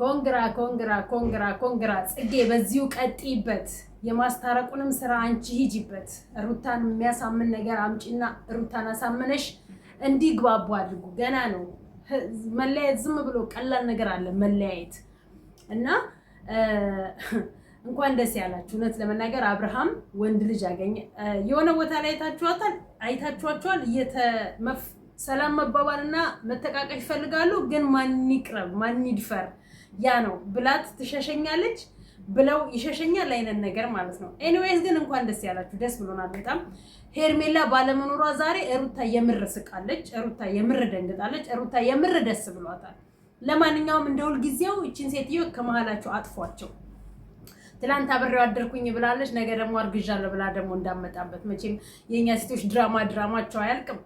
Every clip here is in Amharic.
ኮንግራ ኮንግራ ኮንግራ ኮንግራ ጽጌ፣ በዚሁ ቀጥይበት። የማስታረቁንም ስራ አንቺ ሂጂበት። ሩታን የሚያሳምን ነገር አምጪና ሩታን አሳምነሽ እንዲግባቡ አድርጉ። ገና ነው መለያየት። ዝም ብሎ ቀላል ነገር አለ መለያየት እና እንኳን ደስ ያላችሁ። እውነት ለመናገር አብርሃም ወንድ ልጅ አገኘ። የሆነ ቦታ ላይ አይታችኋታል፣ አይታችኋቸዋል ሰላም መባባል እና መተቃቀፍ ይፈልጋሉ። ግን ማን ይቅረብ፣ ማን ይድፈር? ያ ነው ብላት ትሸሸኛለች ብለው ይሸሸኛል አይነት ነገር ማለት ነው። ኤኒዌይስ ግን እንኳን ደስ ያላችሁ፣ ደስ ብሎናል በጣም ሄርሜላ ባለመኖሯ ዛሬ ሩታ የምር ስቃለች፣ ሩታ የምር ደንግጣለች፣ ሩታ የምር ደስ ብሏታል። ለማንኛውም እንደ ሁልጊዜው እችን ሴትዮ ከመሀላቸው አጥፏቸው። ትላንት አብሬው አደርኩኝ ብላለች፣ ነገ ደግሞ አርግዣለሁ ብላ ደግሞ እንዳመጣበት። መቼም የእኛ ሴቶች ድራማ ድራማቸው አያልቅም፣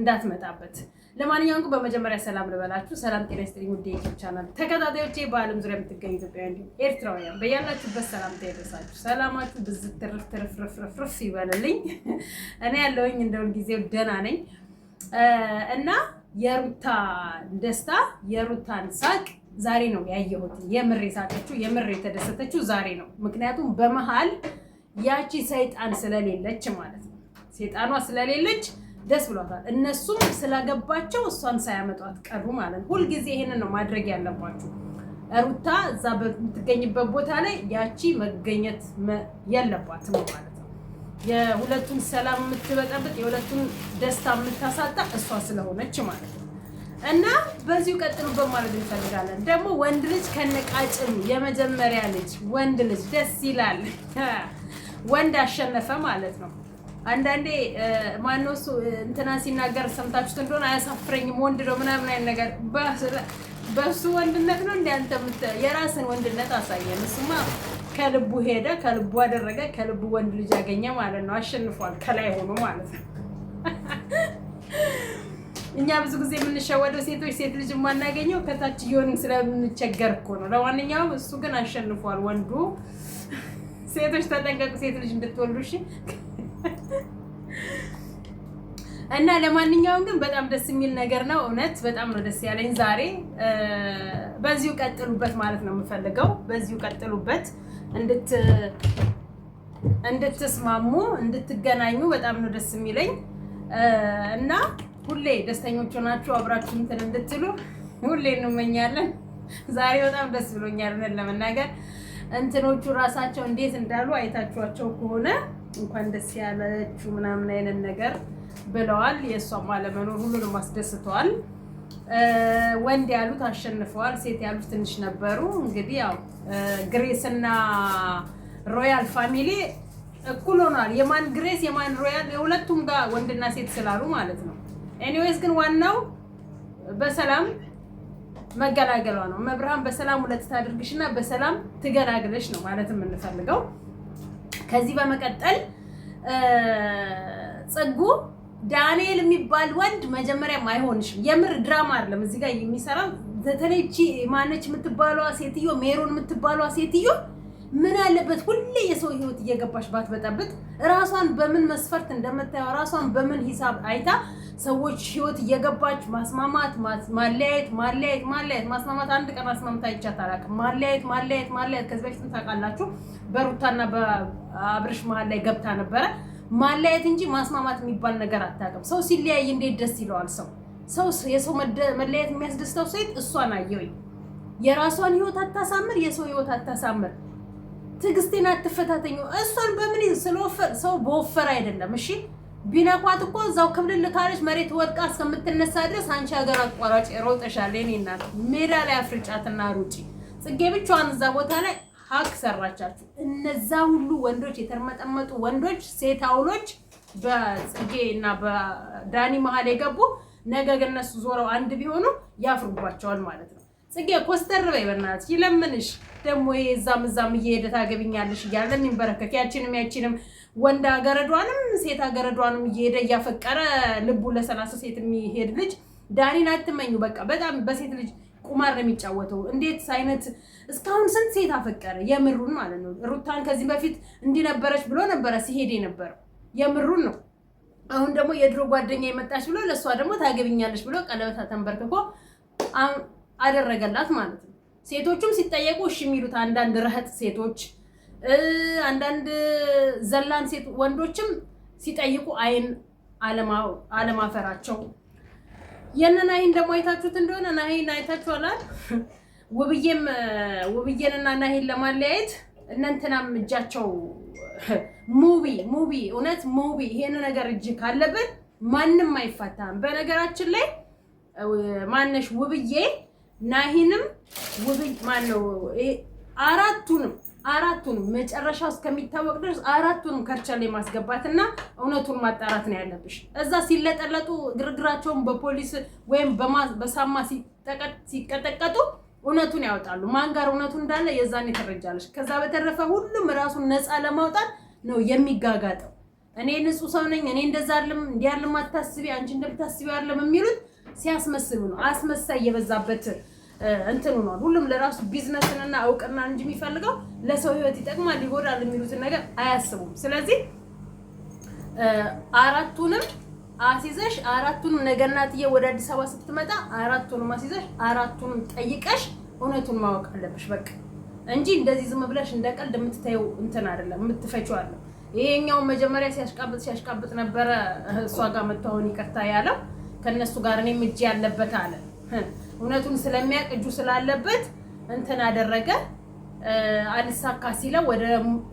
እንዳትመጣበት ለማንኛውም በመጀመሪያ ሰላም ልበላችሁ። ሰላም ጤና ይስጥልኝ ውድ የኢትዮ ቻናል ተከታታዮቼ፣ በዓለም ዙሪያ የምትገኙ ኢትዮጵያውያን እንዲሁም ኤርትራውያን በያላችሁበት ሰላምታ ይድረሳችሁ። ሰላማችሁ ብዙ ትርፍ ትርፍ ርፍርፍ ይበልልኝ። እኔ ያለውኝ እንደውን ጊዜው ደህና ነኝ እና የሩታ ደስታ የሩታን ሳቅ ዛሬ ነው ያየሁት። የምር የሳቀችው የምር የተደሰተችው ዛሬ ነው። ምክንያቱም በመሃል ያቺ ሰይጣን ስለሌለች ማለት ነው። ሰይጣኗ ስለሌለች ደስ ብሏታል። እነሱም ስላገባቸው እሷን ሳያመጧት ቀሩ ማለት ነው። ሁልጊዜ ይሄንን ነው ማድረግ ያለባችሁ። ሩታ እዛ በምትገኝበት ቦታ ላይ ያቺ መገኘት ያለባት ማለት ነው። የሁለቱን ሰላም የምትበጠብጥ የሁለቱን ደስታ የምታሳጣ እሷ ስለሆነች ማለት ነው። እና በዚሁ ቀጥሉበት ማለት እንፈልጋለን። ደግሞ ወንድ ልጅ ከነቃጭም የመጀመሪያ ልጅ ወንድ ልጅ ደስ ይላል። ወንድ አሸነፈ ማለት ነው። አንዳንዴ ማነው እሱ እንትና ሲናገር ሰምታችሁት እንደሆነ አያሳፍረኝም፣ ወንድ ነው ምናምን አይነት ነገር በእሱ ወንድነት ነው እንደ የራስን ወንድነት አሳየን። እሱማ ከልቡ ሄደ፣ ከልቡ አደረገ፣ ከልቡ ወንድ ልጅ ያገኘ ማለት ነው። አሸንፏል፣ ከላይ ሆኖ ማለት ነው። እኛ ብዙ ጊዜ የምንሸወደው ሴቶች ሴት ልጅ የማናገኘው ከታች እየሆንን ስለምንቸገር እኮ ነው። ለማንኛውም እሱ ግን አሸንፏል ወንዱ። ሴቶች ተጠንቀቁ፣ ሴት ልጅ እንድትወልዱ እሺ። እና ለማንኛውም ግን በጣም ደስ የሚል ነገር ነው። እውነት በጣም ነው ደስ ያለኝ ዛሬ። በዚሁ ቀጥሉበት ማለት ነው የምፈልገው። በዚሁ ቀጥሉበት፣ እንድትስማሙ፣ እንድትገናኙ በጣም ነው ደስ የሚለኝ እና ሁሌ ደስተኞቹ ናችሁ አብራችሁ እንትን እንድትሉ ሁሌ እንመኛለን። ዛሬ በጣም ደስ ብሎኛል ለመናገር እንትኖቹ ራሳቸው እንዴት እንዳሉ አይታችኋቸው ከሆነ እንኳን ደስ ያለች ምናምን አይነት ነገር ብለዋል። የእሷም አለመኖር ሁሉንም አስደስተዋል። ወንድ ያሉት አሸንፈዋል። ሴት ያሉት ትንሽ ነበሩ። እንግዲህ ያው ግሬስ እና ሮያል ፋሚሊ እኩል ሆኗል። የማን ግሬስ የማን ሮያል የሁለቱም ጋር ወንድና ሴት ስላሉ ማለት ነው። ኤኒዌይስ ግን ዋናው በሰላም መገላገሏ ነው። መብርሃን በሰላም ሁለት ታድርግሽ እና በሰላም ትገላግለሽ ነው ማለት የምንፈልገው። ከዚህ በመቀጠል ጽጉ ዳንኤል የሚባል ወንድ መጀመሪያም አይሆንሽም። የምር ድራማ አይደለም እዚህ ጋር የሚሰራው። በተለይ ማነች የምትባሏ ሴትዮ ሜሮን የምትባሏ ሴትዮ ምን አለበት ሁሌ የሰው ህይወት እየገባሽ ባትበጠብጥ፣ ራሷን በምን መስፈርት እንደምታየው ራሷን በምን ሂሳብ አይታ ሰዎች ህይወት እየገባች ማስማማት፣ ማለያየት፣ ማለያየት፣ ማለያየት፣ ማስማማት አንድ ቀን አስማምታ አይቻት አላውቅም። ማለያየት፣ ማለያየት፣ ማለያየት ከዚህ በፊት ታውቃላችሁ፣ በሩታና በአብርሽ መሀል ላይ ገብታ ነበረ። ማለያየት እንጂ ማስማማት የሚባል ነገር አታውቅም። ሰው ሲለያይ እንዴት ደስ ይለዋል? ሰው ሰው የሰው መለያየት የሚያስደስተው ሴት እሷን አየሁኝ። የራሷን ህይወት አታሳምር፣ የሰው ህይወት አታሳምር። ትዕግስቴን አትፈታተኝ። እሷን በምን ሰው በወፈረ አይደለም እሺ ቢነኳት እኮ እዛው ክብልል ካለች መሬት ወድቃ እስከምትነሳ ድረስ አንቺ ሀገር አቋራጭ ሮጠሻል። የእኔ እናት ሜዳ ላይ አፍርጫትና ሩጪ። ጽጌ ብቻዋን እዛ ቦታ ላይ ሀክ ሰራቻችሁ። እነዛ ሁሉ ወንዶች፣ የተርመጠመጡ ወንዶች፣ ሴት አውሎች በጽጌ እና በዳኒ መሀል የገቡ ነገ ግን እነሱ ዞረው አንድ ቢሆኑ ያፍሩባቸዋል ማለት ነው። ጽጌ ኮስተር በይ በእናትሽ፣ ይለምንሽ ደግሞ የዛም እዛም እየሄደ ታገብኛለሽ እያለ የሚንበረከክ ያችንም ያችንም ወንድ አገረዷንም ሴት አገረዷንም እየሄደ እያፈቀረ ልቡ ለሰላሳ ሴት የሚሄድ ልጅ ዳኒን አትመኙ። በቃ በጣም በሴት ልጅ ቁማር ነው የሚጫወተው። እንዴት አይነት እስካሁን ስንት ሴት አፈቀረ? የምሩን ማለት ነው። ሩታን ከዚህ በፊት እንዲነበረች ብሎ ነበረ ሲሄድ የነበረው የምሩን ነው። አሁን ደግሞ የድሮ ጓደኛ የመጣች ብሎ ለእሷ ደግሞ ታገብኛለች ብሎ ቀለበታ ተንበርክኮ አደረገላት ማለት ነው። ሴቶቹም ሲጠየቁ እሺ የሚሉት አንዳንድ ረህጥ ሴቶች አንዳንድ ዘላን ሴት ወንዶችም ሲጠይቁ አይን አለማፈራቸው የነ ናሂን ደግሞ አይታችሁት እንደሆነ ናሂን አይታችኋላል። ውብዬም ውብዬንና ናሂን ለማለያየት እነንትናም እጃቸው ሙቢ ሙቢ እውነት ሙቢ ይሄን ነገር እጅ ካለበት ማንም አይፋታም። በነገራችን ላይ ማነሽ ውብዬ ናሂንም ውብ ማነው አራቱንም አራቱንም መጨረሻው እስከሚታወቅ ድረስ አራቱንም ከርቸሌ ማስገባትና እውነቱን ማጣራት ነው ያለብሽ። እዛ ሲለጠለጡ ግርግራቸውን በፖሊስ ወይም በሳማ ሲቀጠቀጡ እውነቱን ያወጣሉ። ማን ጋር እውነቱ እንዳለ የዛኔ ትረጃለሽ። ከዛ በተረፈ ሁሉም ራሱን ነፃ ለማውጣት ነው የሚጋጋጠው። እኔ ንጹህ ሰው ነኝ፣ እኔ እንደዛ አለም እንዲህ አታስቢ አንቺ እንደምታስቢ አለም የሚሉት ሲያስመስሉ ነው። አስመሳይ የበዛበት እንትን ሆኗል። ሁሉም ለራሱ ቢዝነስንና እውቅና እንጂ የሚፈልገው ለሰው ህይወት ይጠቅማል ይጎዳል የሚሉትን ነገር አያስቡም። ስለዚህ አራቱንም አሲዘሽ አራቱንም ነገ እናትዬ ወደ አዲስ አበባ ስትመጣ አራቱንም አስይዘሽ አራቱንም ጠይቀሽ እውነቱን ማወቅ አለብሽ በቃ እንጂ እንደዚህ ዝም ብለሽ እንደ ቀልድ የምትታየው እንትን አይደለም፣ የምትፈጪው አለ። ይሄኛውን መጀመሪያ ሲያሽቃብጥ ሲያሽቃብጥ ነበረ እሷ ጋር መታወን ይቅርታ ያለው ከእነሱ ጋር እኔም እጅ ያለበት አለ። እውነቱን ስለሚያውቅ እጁ ስላለበት እንትን አደረገ። አልሳካ ሲለው ወደ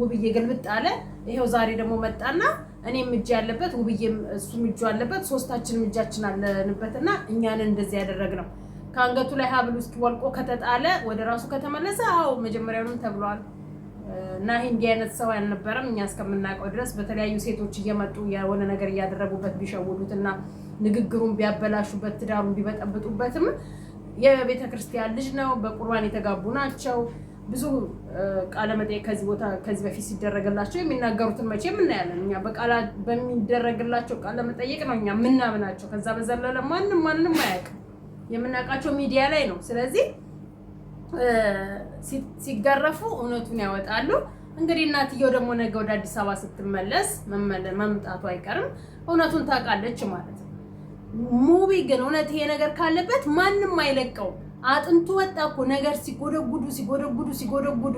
ውብዬ ግልብጥ አለ። ይሄው ዛሬ ደግሞ መጣና እኔም እጅ ያለበት ውብዬም እሱም እጁ አለበት፣ ሶስታችንም እጃችን አለንበት እና እኛን እንደዚህ ነው። ከአንገቱ ላይ ሀብሉ እስኪ ወልቆ ከተጣለ ወደ ራሱ ከተመለሰ አዎ መጀመሪያውንም ተብሏል። እና ይህ እንዲህ አይነት ሰው አልነበረም። እኛ እስከምናውቀው ድረስ በተለያዩ ሴቶች እየመጡ የሆነ ነገር እያደረጉበት ቢሸውዱት እና ንግግሩን ቢያበላሹበት ትዳሩን ቢበጠብጡበትም የቤተ ክርስቲያን ልጅ ነው። በቁርባን የተጋቡ ናቸው። ብዙ ቃለ ከዚህ ቦታ ከዚህ በፊት ሲደረግላቸው የሚናገሩትን መቼ እናያለን። እኛ በሚደረግላቸው ቃለ መጠየቅ ነው እኛ የምናምናቸው። ከዛ በዘለለ ማንም ማንም አያውቅም። የምናውቃቸው ሚዲያ ላይ ነው። ስለዚህ ሲገረፉ እውነቱን ያወጣሉ። እንግዲህ እናትየው ደግሞ ነገ ወደ አዲስ አበባ ስትመለስ መምጣቱ አይቀርም። እውነቱን ታውቃለች ማለት ነው። ሙቪ ግን እውነት ይሄ ነገር ካለበት ማንም አይለቀው። አጥንቱ ወጣ እኮ ነገር ሲጎደጉዱ ሲጎደጉዱ ሲጎደጉዱ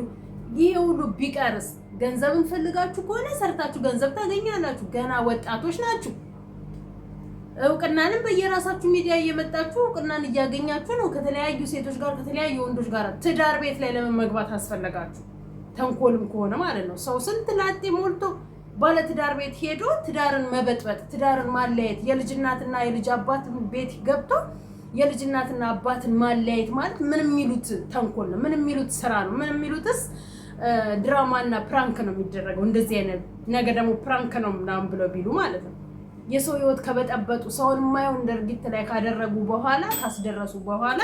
ይሄ ሁሉ ቢቀርስ ገንዘብን ፈልጋችሁ ከሆነ ሰርታችሁ ገንዘብ ታገኛላችሁ። ገና ወጣቶች ናችሁ። እውቅናንም በየራሳችሁ ሚዲያ እየመጣችሁ እውቅናን እያገኛችሁ ነው። ከተለያዩ ሴቶች ጋር ከተለያዩ ወንዶች ጋር ትዳር ቤት ላይ ለመግባት አስፈለጋችሁ። ተንኮልም ከሆነ ማለት ነው። ሰው ስንት ላጤ ሞልቶ ባለትዳር ቤት ሄዶ ትዳርን መበጥበጥ፣ ትዳርን ማለያየት፣ የልጅናትና የልጅ አባት ቤት ገብቶ የልጅናትና አባትን ማለያየት ማለት ምን የሚሉት ተንኮል ነው? ምን የሚሉት ስራ ነው? ምን የሚሉትስ ድራማና ፕራንክ ነው የሚደረገው? እንደዚህ አይነት ነገር ደግሞ ፕራንክ ነው ምናምን ብለው ቢሉ ማለት ነው። የሰው ህይወት ከበጠበጡ ሰውን የማየውን ድርጊት ላይ ካደረጉ በኋላ ካስደረሱ በኋላ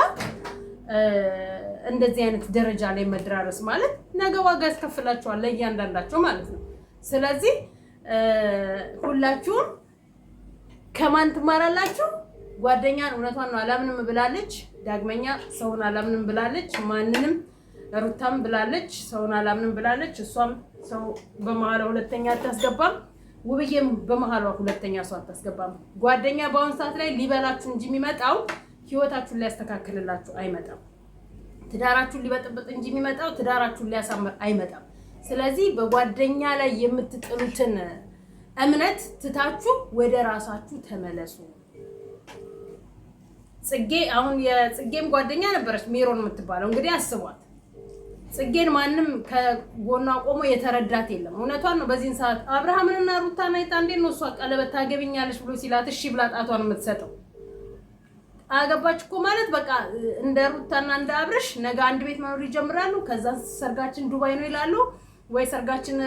እንደዚህ አይነት ደረጃ ላይ መደራረስ ማለት ነገ ዋጋ ያስከፍላቸዋል ለእያንዳንዳቸው ማለት ነው። ስለዚህ ሁላችሁም ከማን ትማራላችሁ? ጓደኛን እውነቷን ነው አላምንም ብላለች። ዳግመኛ ሰውን አላምንም ብላለች። ማንንም ሩታም ብላለች፣ ሰውን አላምንም ብላለች። እሷም ሰው በመሀሏ ሁለተኛ አታስገባም። ውብዬም በመሀሏ ሁለተኛ ሰው አታስገባም። ጓደኛ በአሁኑ ሰዓት ላይ ሊበላችሁ እንጂ የሚመጣው ህይወታችሁን ሊያስተካክልላችሁ አይመጣም። ትዳራችሁን ሊበጥብጥ እንጂ የሚመጣው ትዳራችሁን ሊያሳምር አይመጣም። ስለዚህ በጓደኛ ላይ የምትጥሉትን እምነት ትታችሁ ወደ ራሳችሁ ተመለሱ። ጽጌ አሁን የጽጌም ጓደኛ ነበረች ሜሮን የምትባለው እንግዲህ አስቧት። ጽጌን ማንም ከጎኗ ቆሞ የተረዳት የለም። እውነቷን ነው። በዚህን ሰዓት አብርሃምንና ሩታን አይጣ እንዴት ነው እሷ ቀለበት ብሎ ሲላት እሺ ብላ ጣቷን የምትሰጠው? አገባች እኮ ማለት በቃ እንደ ሩታና እንደ አብርሽ ነገ አንድ ቤት መኖር ይጀምራሉ። ከዛ ሰርጋችን ዱባይ ነው ይላሉ። ወይ ሰርጋችን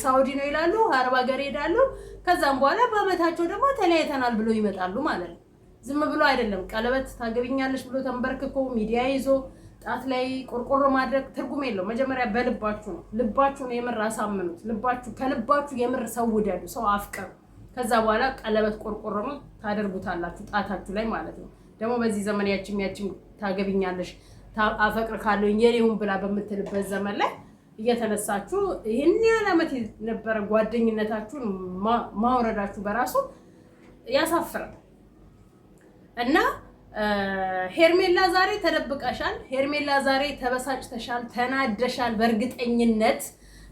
ሳውዲ ነው ይላሉ፣ አረብ ሀገር ይሄዳሉ። ከዛም በኋላ በአመታቸው ደግሞ ተለያይተናል ብሎ ይመጣሉ ማለት ነው። ዝም ብሎ አይደለም ቀለበት ታገብኛለች ብሎ ተንበርክኮ ሚዲያ ይዞ ጣት ላይ ቆርቆሮ ማድረግ ትርጉም የለው። መጀመሪያ በልባችሁ ነው። ነው የምር አሳምኑት። ልባችሁ ከልባችሁ የምር ሰው ውደዱ፣ ሰው አፍቀሩ። ከዛ በኋላ ቀለበት ቆርቆሮ ነው ታደርጉታላችሁ፣ ጣታችሁ ላይ ማለት ነው። ደግሞ በዚህ ዘመን ያችም ያችም ታገብኛለሽ አፈቅር ካለኝ የኔውን ብላ በምትልበት ዘመን ላይ እየተነሳችሁ ይህን ያህል ዓመት የነበረ ጓደኝነታችሁን ማውረዳችሁ በራሱ ያሳፍራል እና ሄርሜላ ዛሬ ተደብቀሻል። ሄርሜላ ዛሬ ተበሳጭተሻል፣ ተናደሻል። በእርግጠኝነት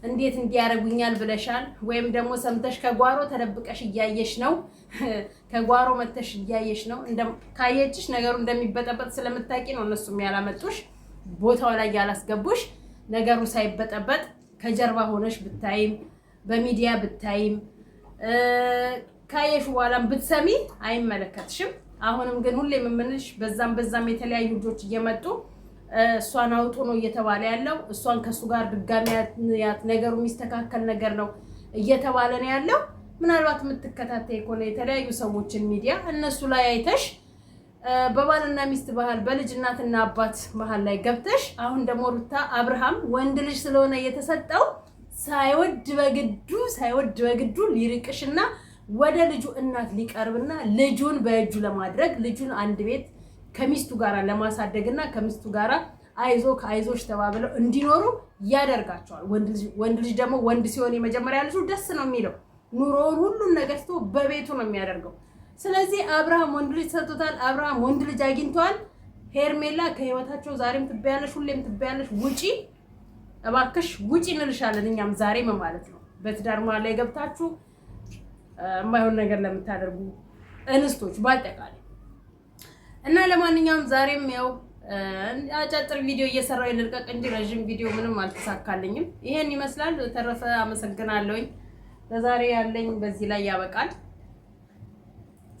እንዴት እንዲያደርጉኛል ብለሻል። ወይም ደግሞ ሰምተሽ ከጓሮ ተደብቀሽ እያየሽ ነው፣ ከጓሮ መተሽ እያየሽ ነው። ካየችሽ ነገሩ እንደሚበጠበጥ ስለምታውቂ ነው እነሱም ያላመጡሽ ቦታው ላይ ያላስገቡሽ። ነገሩ ሳይበጠበጥ ከጀርባ ሆነሽ ብታይም በሚዲያ ብታይም ካየሽ በኋላም ብትሰሚ አይመለከትሽም። አሁንም ግን ሁሌ የምምንሽ በዛም በዛም የተለያዩ ልጆች እየመጡ እሷን አውጡ ነው እየተባለ ያለው። እሷን ከእሱ ጋር ድጋሚ ያት ነገሩ የሚስተካከል ነገር ነው እየተባለ ነው ያለው። ምናልባት የምትከታተይ ከሆነ የተለያዩ ሰዎችን ሚዲያ እነሱ ላይ አይተሽ በባልና ሚስት ባህል በልጅ እናትና አባት ባህል ላይ ገብተሽ አሁን ደግሞ ሩታ አብርሃም ወንድ ልጅ ስለሆነ የተሰጠው ሳይወድ በግዱ ሳይወድ በግዱ ሊርቅሽና ወደ ልጁ እናት ሊቀርብና ልጁን በእጁ ለማድረግ ልጁን አንድ ቤት ከሚስቱ ጋራ ለማሳደግና ከሚስቱ ጋራ አይዞ ከአይዞች ተባብለው እንዲኖሩ ያደርጋቸዋል። ወንድ ልጅ ደግሞ ወንድ ሲሆን የመጀመሪያ ልጁ ደስ ነው የሚለው ኑሮውን ሁሉን ነገስቶ በቤቱ ነው የሚያደርገው። ስለዚህ አብርሃም ወንድ ልጅ ሰጥቶታል። አብርሃም ወንድ ልጅ አግኝቷል። ሄርሜላ ከህይወታቸው ዛሬም ትበያለሽ፣ ሁሌም ትበያለሽ። ውጪ እባክሽ ውጪ እንልሻለን እኛም ዛሬም ማለት ነው። በትዳር መሀል ላይ ገብታችሁ የማይሆን ነገር ለምታደርጉ እንስቶች በአጠቃላይ እና ለማንኛውም ዛሬም ያው አጫጭር ቪዲዮ እየሰራው የልልቀቅ እንጂ ረዥም ቪዲዮ ምንም አልተሳካልኝም። ይሄን ይመስላል። ተረፈ አመሰግናለሁኝ። ለዛሬ ያለኝ በዚህ ላይ ያበቃል።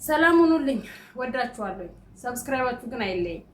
ሰላም ሁኑልኝ። ወዳችኋለሁ። ሰብስክራይባችሁ ግን አይለይም።